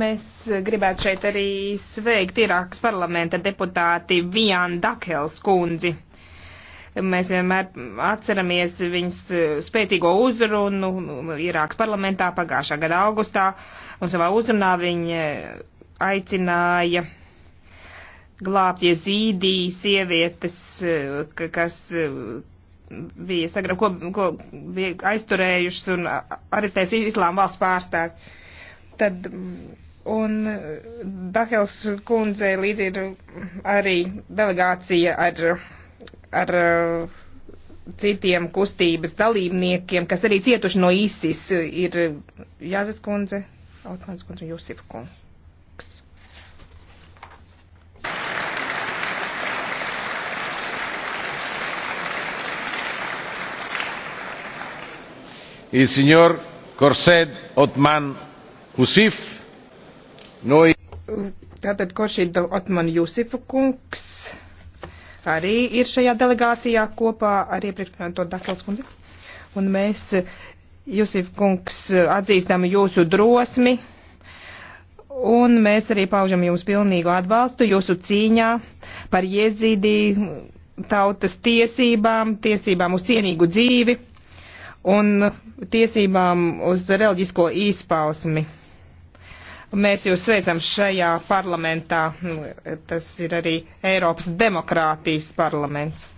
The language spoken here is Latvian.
Mēs gribētu šeit arī sveikt Irākas parlamenta deputāti Vijānu Dakels kundzi. Mēs vienmēr atceramies viņas e, spēcīgo uzrunu nu, Irākas parlamentā pagājušā gada augustā, un savā uzrunā viņa aicināja glābt, ja zīdīja sievietes, e, kas e, bija, sagra, ko, ko bija aizturējušas un arestējis Islāma valsts pārstāvi. Tad, un Dahels kundze līdz ir arī delegācija ar, ar uh, citiem kustības dalībniekiem, kas arī cietuši no ISIS, ir Jāzes kundze, Otmans kundze un Jusif kundze. il signor Korsed Otman Husif. Noi... Tātad Koršīda Otman Jusifa kungs arī ir šajā delegācijā kopā ar iepriekšējo Dakels kundzi. Un mēs, Jusif kungs, atzīstam jūsu drosmi un mēs arī paužam jums pilnīgu atbalstu jūsu cīņā par iezīdī tautas tiesībām, tiesībām uz cienīgu dzīvi un tiesībām uz reliģisko izpausmi. Mēs jūs sveicam šajā parlamentā, tas ir arī Eiropas demokrātijas parlaments.